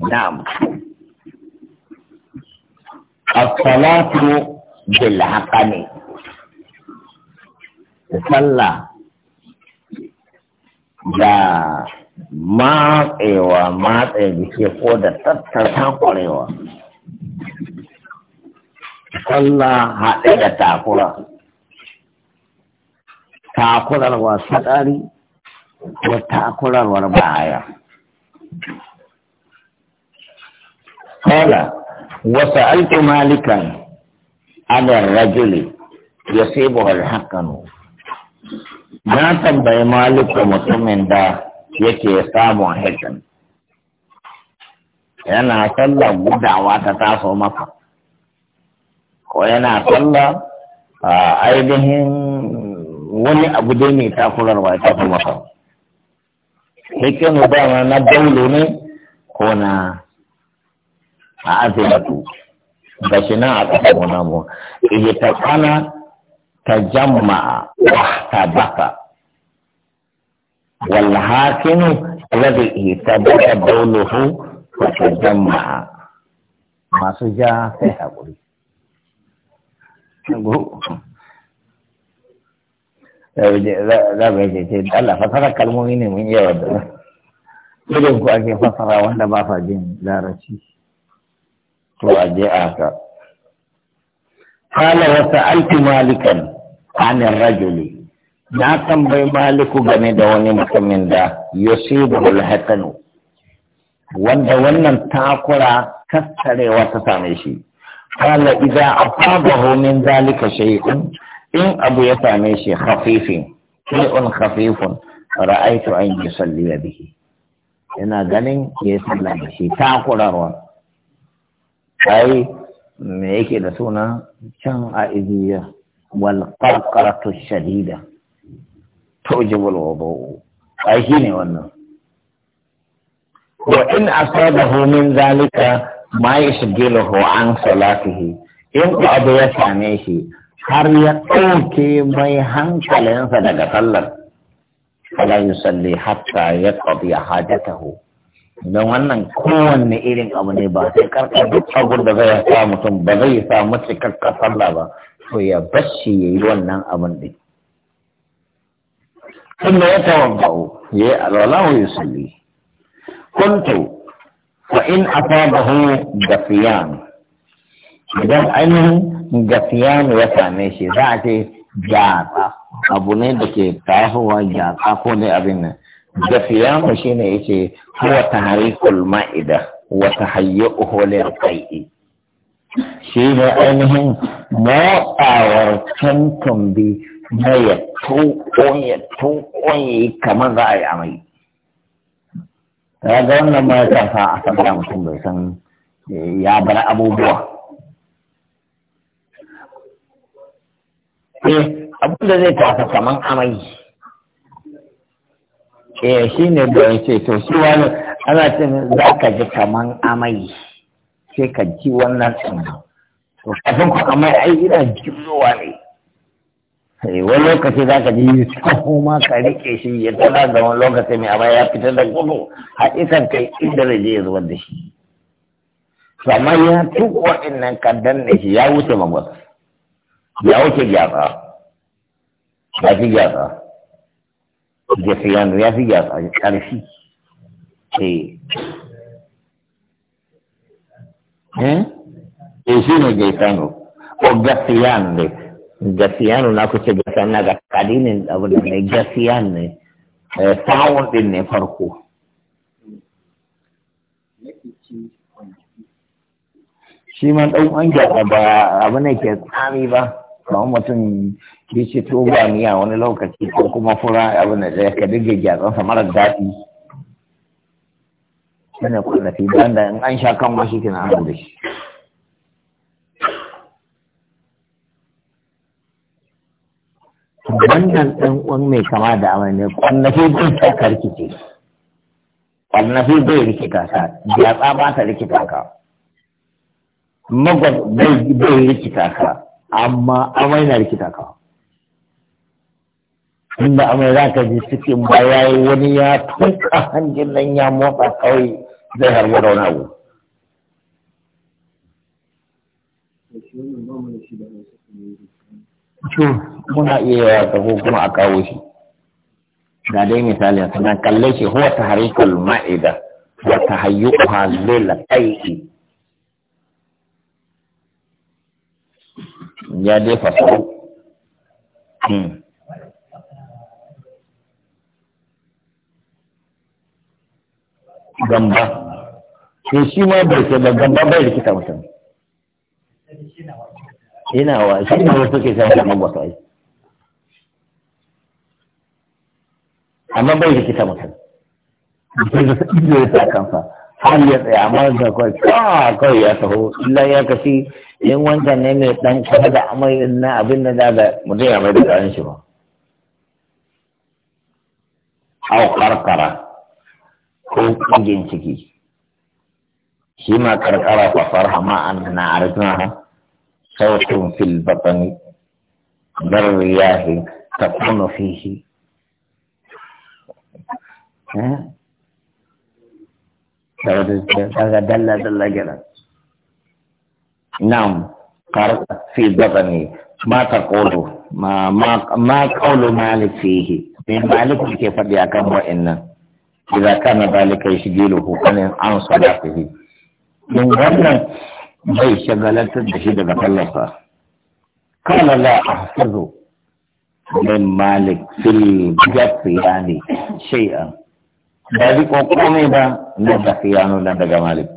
na'am as-salatu bil haqqani sallah da matsewa matse jiki ko da tattara kwarewa sallah haɗe da takura takurarwa sadari ko takurarwar baya قال وسألت مالكا على الرجل يصيبه الحقن na tambayi malika mutumin da yake samun hakan yana sallar gudawa ta taso maka ko yana sallar ainihin wani abu dai mai takurarwa ta fi maka hikinu dama na daulo ne ko na a azilatu ga shi nan a ƙasar mu namu ihe ta kana ta jamma wa ta baka wal hakinu alladhi ihtabata dawluhu wa ta jamma masu ja sai hakuri za mu yi ce Allah fasara kalmomi ne mun yawa da irin ku ake fasara wanda ba sa jin larabci to a je a wasa alti malikan anin rajuli na tambayi maliku game da wani mutumin da yusibu wanda wannan takura kaskarewa ta same shi kala idza asabahu min zalika shay'un in abu ya same shi khafifin shay'un khafifun ra'aytu an yusalli bihi yana ganin ya sallama shi takurarwa ai me yake da suna can a iziya wal qarqaratu shadida tujibu al wudu ai shine wannan wa in asabahu min zalika ma yashghiluhu an salatihi in ku abu ya same shi har ya dauke mai hankalinsa daga sallar fala yusalli hatta yaqdi hajatahu don wannan kowanne irin abu ne ba sai karka duk abin da zai sa mutum ba zai sa mace karka sallah ba to ya bashi ya yi wannan abin din sun da ya tawabba'u ya yi alwalahu ya sulli kuntu fa in asa da hu gafiyan idan ainihin gafiyan ya same shi za a ce jata abu ne da ke tafowa jata ko ne abin nan da shi shine yake huwa tahrikul ma'ida wa tahayyuhu lil qai'i shi ne ainihin motsawar can tumbi na ya tukon ya kamar za a yi amai ta ga wannan ma sa a san mutum bai san eh, ya bar abubuwa eh abin da zai tafi kamar amai eh shi ne da ya ce to shi wani ana cin za ka ji kaman amai sai ka ji wannan tsanan to kafin ku amai ai ina jirowa ne eh, wani lokaci za ka ji tsaho ma ka rike shi ya tana da wani lokaci mai amai ya fitar da gudu a isan kai inda zai je ya zubar da shi kamar ya tuka waɗannan ka danne shi ya wuce magwas ya wuce gyatsa ya fi gyatsa Jafiyan ya fi ƙarfi. Eh. Eh? Eh shi ne Gaetano. Ko gasiyan ne. gasiyan na kuce gasiyan na ga kadinin abu da ne Gafiyan ne. Eh, Sawun ɗin ne farko. Shi ma ɗan an ba abu ne ke tsami ba. Ba mutum Ki ce to ba wani lokaci ko kuma fura abin da ka dinga gyatsansa marar daɗi yana kwanafi bayan da in an sha kan washi kina an da shi wannan ɗan uwan mai kama da amai ne kwanafi bai ta karkice fi bai rikita ka gyatsa ba ta rikita ka dai bai rikita ka amma amai na rikita ka ba amai za ka ji cikin baya ya wani ya tuka hanjin nan ya motsa kawai zai harbo da wani abu. muna iya yawa tafi kuma a kawo shi. Ga dai misali sannan kalle shi huwa ta harikul ma'ida wa ta hayyu halila aiki. Ya dai fasaru. gamba to shi ma bai ce ba gamba bai rikita mutum yana wa shi ne wasu ke sai kamar wasu yi amma bai rikita mutum sai da ido ya sa kansa har ya tsaya amma da kawai ka ah! kawai ya taho illa ya kashi in wancan ne mai dan kuma da amai na abin da da mutum ya mai da kayan shi ba a karkara ko kugin ciki shi ma karkara fa farhama an na arzina sautun fil batani bar riyahi takunu fihi kaga dalla dalla gina na'am kar fi batani ma taqulu kolo, ma kolo malik fihi me malik ke faɗi akan wa'annan إذا كان ذلك يشغله عن عن صلاته من wannan bai shagalantar da shi daga tallafa kala la ahfazu min malik fil gafiyani shay'an ba bi ko komai ba na gafiyanu na daga malik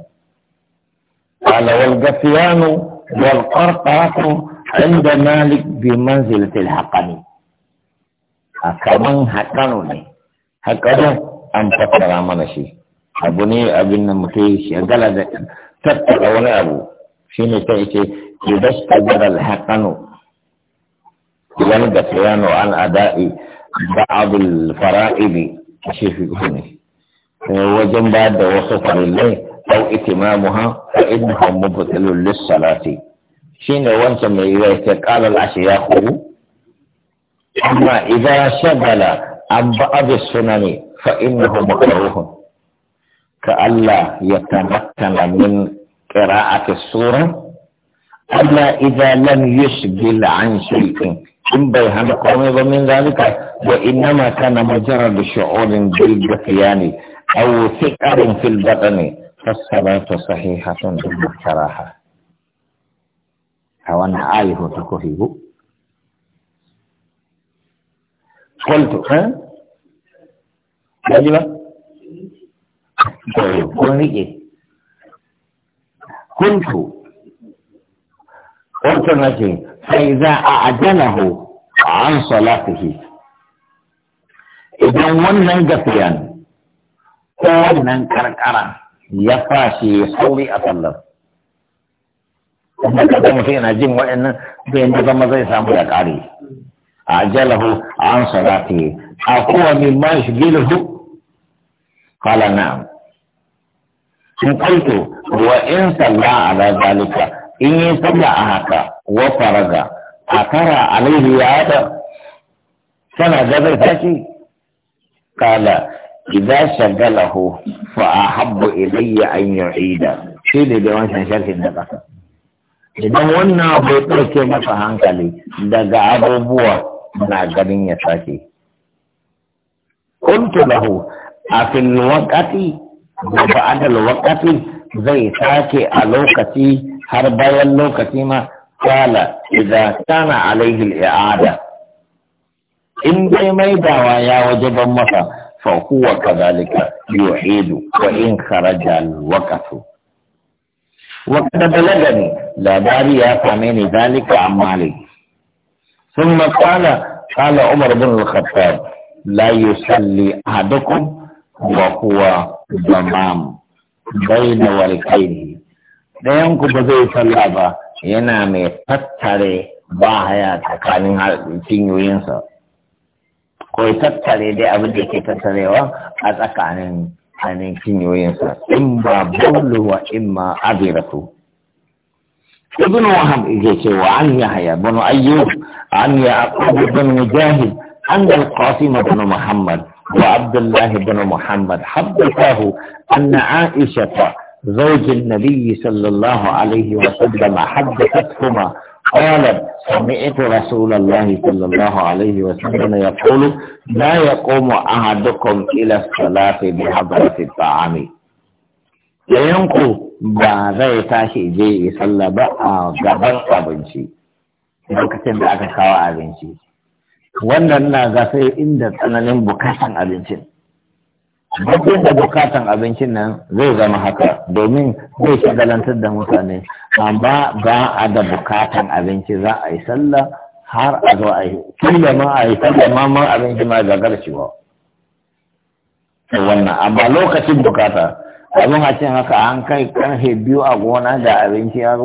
قال والغفيان والقرقرة عند مالك بمنزلة الحقني أكمن حقنوني حقنوني an tattara mana shi abu ne abin nan mutum gala da tattara wani abu shi ne ta ce idan tagara alhaƙanu wani da tsayano an ada'i ba'adul fara'idi a shi fi ne wajen ba da wasu farillai au itimamuha fa innahu mubtilun lis-salati shine wancan mai yi ta qala al-ashiyahu amma idza shagala عن بعض السنن فإنه مكروه كألا يتمكن من قراءة السورة ألا إذا لم يشغل عن شيء إن بيهن قومي من ذلك وإنما كان مجرد شعور بالبقيان أو ثقل في البطن فالصلاة صحيحة بالكراهة هوانا آيه تكفيه قلت ها ba ji ba kun rike kuntu wata nake sai za a a an salatihi idan wannan gafiyan ko wannan karkara ya fashe sauri a sallar da kada mutum yana jin waɗannan bayan da zama zai samu ya ƙare a a an salati a kowane ma shi gilahu قال نعم قلت وإن صلى على ذلك إن صلى هكا وفرغ أترى عليه هذا سنة جبل فاشي قال إذا شغله فأحب إلي أن يعيد شيء اللي بيوان شرح الدقة idan wannan bai ɗauke masa hankali daga abubuwa na ganin ya sake kuntu lahu a fil wakati da ba'adal wakati zai sake a lokaci har bayan lokaci ma kala idza kana alaihi al-i'ada in dai mai dawa ya waje ban masa fa huwa kadhalika yu'idu wa in kharaja al-waqtu wa kada balagani labari ya same ni zalika an malik thumma qala qala umar bin al-khattab la yusalli ahadukum وهو bai بين walƙaini ɗayan ku ba zai sallaba, ba yana mai tattare ba haya tsakanin cinyoyinsa ko tattare dai abin da ke tattarewa a tsakanin hannun cinyoyinsa in ba bulu in ma abiratu ibn wahab ce cewa an haya bano ayyub an yaqub bin mujahid an al-qasim bin muhammad وعبد الله بن محمد حدثاه أن عائشة زوج النبي صلى الله عليه وسلم حدثتهما قالت سمعت رسول الله صلى الله عليه وسلم يقول لا يقوم أحدكم إلى الصلاة بحضرة الطعام ينقو بعد zai جي صلى بقى sallah ba a gaban بقى lokacin da aka wannan na ga sai inda tsananin bukatan abincin bakin da bukatan abincin nan zai zama haka domin zai shagalantar da mutane amma ba a da bukatan abinci za a yi sallah har a zo a yi kila ma a yi sallah ma ma abinci ma gagar ba. wannan amma lokacin bukata abin a haka an kai karfe biyu a gona da abinci ya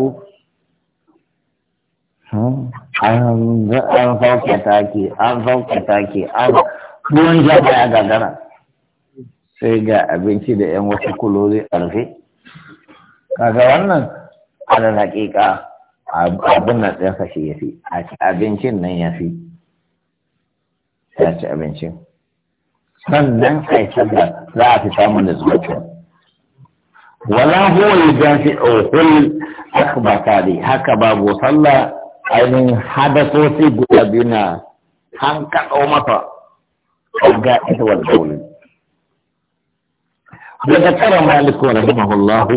an sauke ke an sauke ke an ruwan jaba ya gagara sai ga abinci da yan wasu kuloli a kaga wannan da hakika abin na ɗin kashe ya fi a abincin nan ya fi ya ci abincin sannan aikin da za a fi samun da zuwa wala huwa yudafi'u hul akbata haka babu sallah ainihin hadasosi guda biyu na an kaɗo a ga ita wadda wuli. Daga tsara maliku wa rahimahullahu,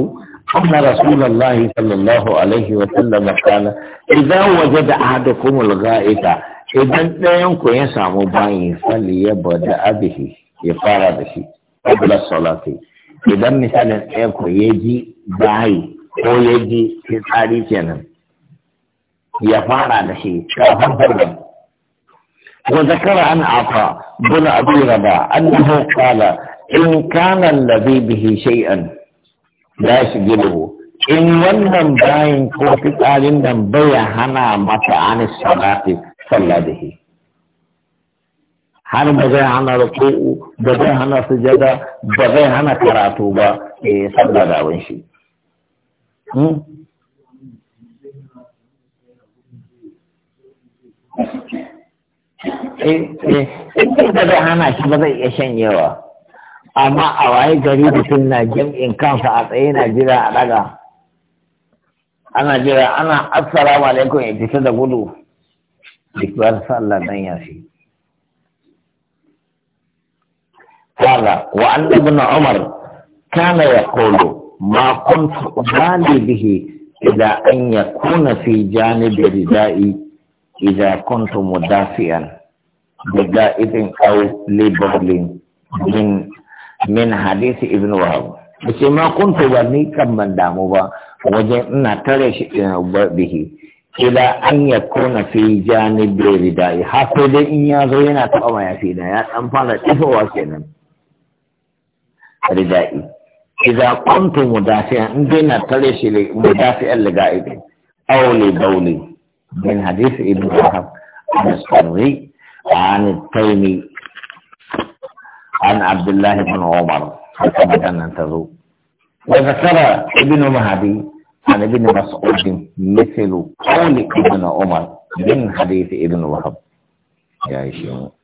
amma Rasulullahi sallallahu alaihi wa sallam na kala, idza waje da ahadakum ga'ita idan ɗayan ku ya samu bayi sali ya bada abihi ya fara da shi, bula salati. Idan misalin ɗayan ku ya ji bayi ko ya ji tsari kenan, يفعل عن شيء كافر فرغم وذكر عن عطاء بن أبي رباء أنه قال إن كان الذي به شيئا لا يسجله إن ولم باين كوفي قال إنهم بيع هنا مطع عن الصلاة صلى به هل بغي هنا ركوع بغي هنا سجدة بغي هنا كراتوبة إيه، صلى به Eh, eh, in da zai hana shi ba zai iya shanyewa amma a waye gari mutum na jam'in kansa a tsaye na jira a daga ana jira ana assalamu alaikum ya fita da gudu duk ba sa Allah dan ya fi Fada, wa annabi na umar kana kolo ma kun ubali bihi idan an yakuna fi janibi ridai Iza kun tu mu dafiyan, kau le bala'in, min hadisi idan wahab Mace ma kun tu kuwa ni kamban damu ba, waje ina tare shi ina babihi. Iza an kona fiye jani be ridad'i. Hakodai in ya zo yana ta'auna ya fi'a, ya ɗan kwana, wa kenan. Rida'i. Iza kun tu mu dafiyan, ina tare shi ina, mu من حديث ابن وهب عن السري عن التيمي عن عبد الله بن عمر حسب أن تذوق وذكر ابن مهدي عن ابن مسعود مثل قول ابن عمر من حديث ابن وهب يا شيخ